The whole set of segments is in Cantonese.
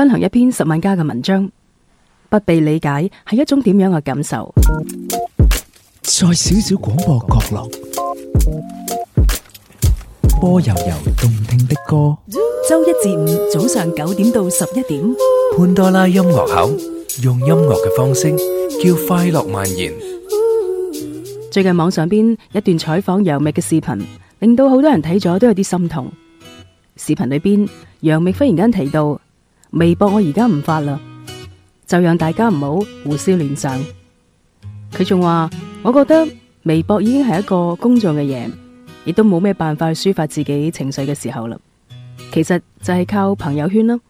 分享一篇十萬加嘅文章，不被理解係一種點樣嘅感受。在小小廣播角落，播柔柔動聽的歌。周一至五早上九點到十一點，潘多拉音樂盒用音樂嘅方式叫快樂蔓延。最近網上邊一段採訪楊冪嘅視頻，令到好多人睇咗都有啲心痛。視頻裏邊，楊冪忽然間提到。微博我而家唔發啦，就讓大家唔好胡思亂想。佢仲話，我覺得微博已經係一個公眾嘅嘢，亦都冇咩辦法去抒發自己情緒嘅時候啦。其實就係靠朋友圈囉，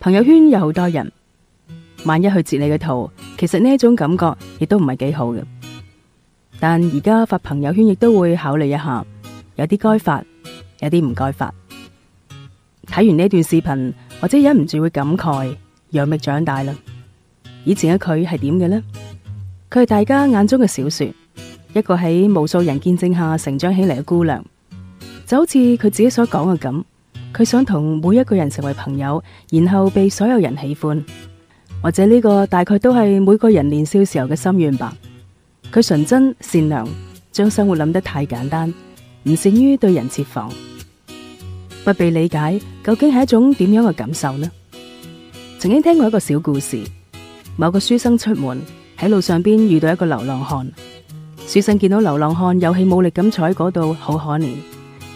朋友圈有好多人，萬一去截你嘅圖，其實呢一種感覺亦都唔係幾好嘅。但而家發朋友圈亦都會考慮一下，有啲該發，有啲唔該發。睇完呢段視頻。或者忍唔住會感慨，楊冪長大啦。以前嘅佢係點嘅呢？佢係大家眼中嘅小說，一個喺無數人見證下成長起嚟嘅姑娘，就好似佢自己所講嘅咁。佢想同每一個人成為朋友，然後被所有人喜歡。或者呢個大概都係每個人年少時候嘅心願吧。佢純真善良，將生活諗得太簡單，唔善於對人設防。不被理解究竟係一種點樣嘅感受呢？曾經聽過一個小故事，某個書生出門喺路上邊遇到一個流浪漢，書生見到流浪漢有氣冇力咁坐喺嗰度，好可憐，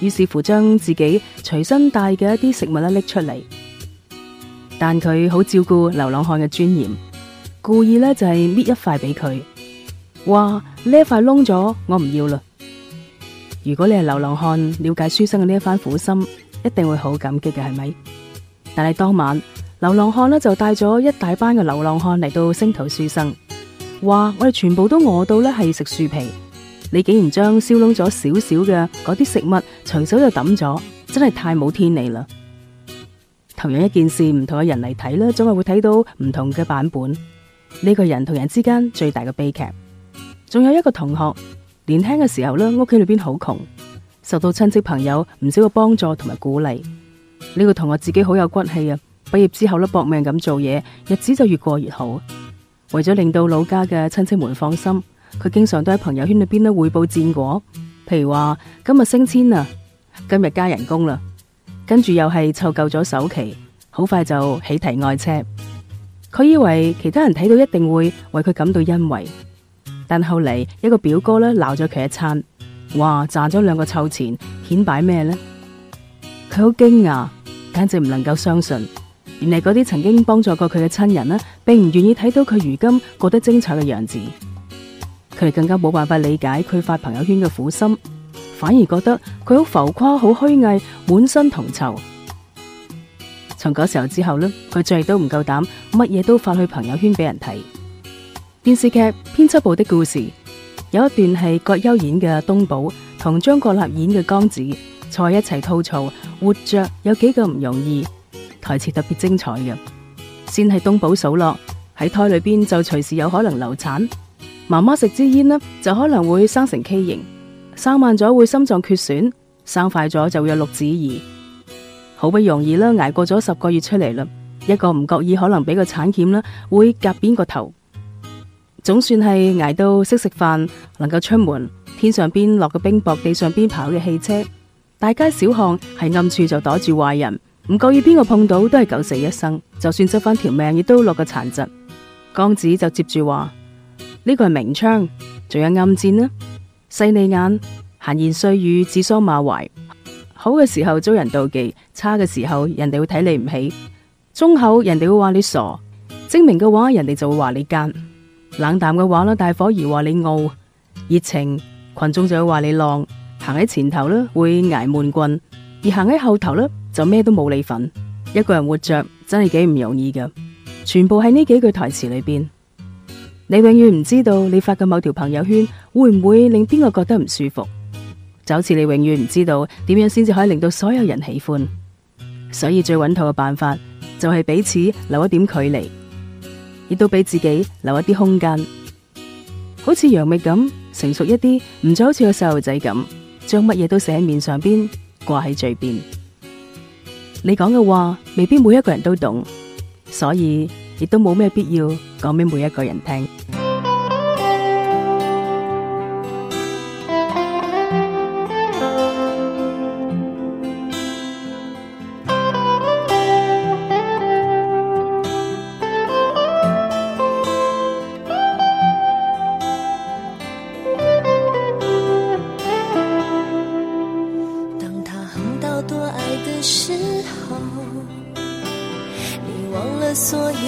於是乎將自己隨身帶嘅一啲食物咧拎出嚟，但佢好照顧流浪漢嘅尊嚴，故意呢就係搣一塊俾佢，嘩，呢一塊燶咗，我唔要啦。如果你係流浪漢，了解書生嘅呢一番苦心，一定會好感激嘅，係咪？但係當晚流浪漢呢，就帶咗一大班嘅流浪漢嚟到星頭書生，話我哋全部都餓到呢係食樹皮，你竟然將燒燶咗少少嘅嗰啲食物隨手就抌咗，真係太冇天理啦！同樣一件事，唔同嘅人嚟睇呢，總係會睇到唔同嘅版本。呢、這個人同人之間最大嘅悲劇，仲有一個同學年輕嘅時候呢，屋企裏邊好窮。受到親戚朋友唔少嘅幫助同埋鼓勵，呢個同學自己好有骨氣啊！畢業之後呢，搏命咁做嘢，日子就越過越好。為咗令到老家嘅親戚們放心，佢經常都喺朋友圈裏邊呢匯報戰果，譬如話今日升遷啊，今日加人工啦，跟住又係湊夠咗首期，好快就喜提愛車。佢以為其他人睇到一定會為佢感到欣慰，但後嚟一個表哥呢鬧咗佢一餐。話賺咗兩個臭錢，顯擺咩呢？佢好驚訝，簡直唔能夠相信。原嚟嗰啲曾經幫助過佢嘅親人呢，並唔願意睇到佢如今過得精彩嘅樣子。佢更加冇辦法理解佢發朋友圈嘅苦心，反而覺得佢好浮誇、好虛偽、滿身銅臭。從嗰時候之後呢，佢再都唔夠膽乜嘢都發去朋友圈俾人睇。電視劇編輯部的故事。有一段係葛優演嘅東寶同張國立演嘅江子坐一齊吐槽活着有幾咁唔容易，台詞特別精彩嘅。先係東寶數落喺胎裏邊就隨時有可能流產，媽媽食支煙呢，就可能會生成畸形，生慢咗會心臟缺損，生快咗就會有六指兒。好不容易啦挨過咗十個月出嚟嘞，一個唔覺意可能俾個產鉗啦會夾扁個頭。總算係挨到識食飯，能夠出門。天上邊落個冰雹，地上邊跑嘅汽車，大街小巷係暗處就躲住壞人，唔覺意邊個碰到都係九死一生。就算執翻，條命，亦都落個殘疾。剛子就接住話，呢個係明槍，仲有暗箭呢。細膩眼，閒言碎語指桑罵槐。好嘅時候遭人妒忌，差嘅時候人哋會睇你唔起。忠厚人哋會話你傻，精明嘅話人哋就會話你奸。冷淡嘅話咧，大伙兒話你傲；熱情群眾就會話你浪。行喺前頭咧會挨悶棍，而行喺後頭咧就咩都冇你份。一個人活着真係幾唔容易噶。全部喺呢幾句台詞裏邊，你永遠唔知道你發嘅某條朋友圈會唔會令邊個覺得唔舒服。就好似你永遠唔知道點樣先至可以令到所有人喜歡。所以最穩妥嘅辦法就係彼此留一點距離。亦都俾自己留一啲空間，好似楊冪咁成熟一啲，唔再好似個細路仔咁，將乜嘢都寫喺面上邊，掛喺嘴邊。你講嘅話未必每一個人都懂，所以亦都冇咩必要講俾每一個人聽。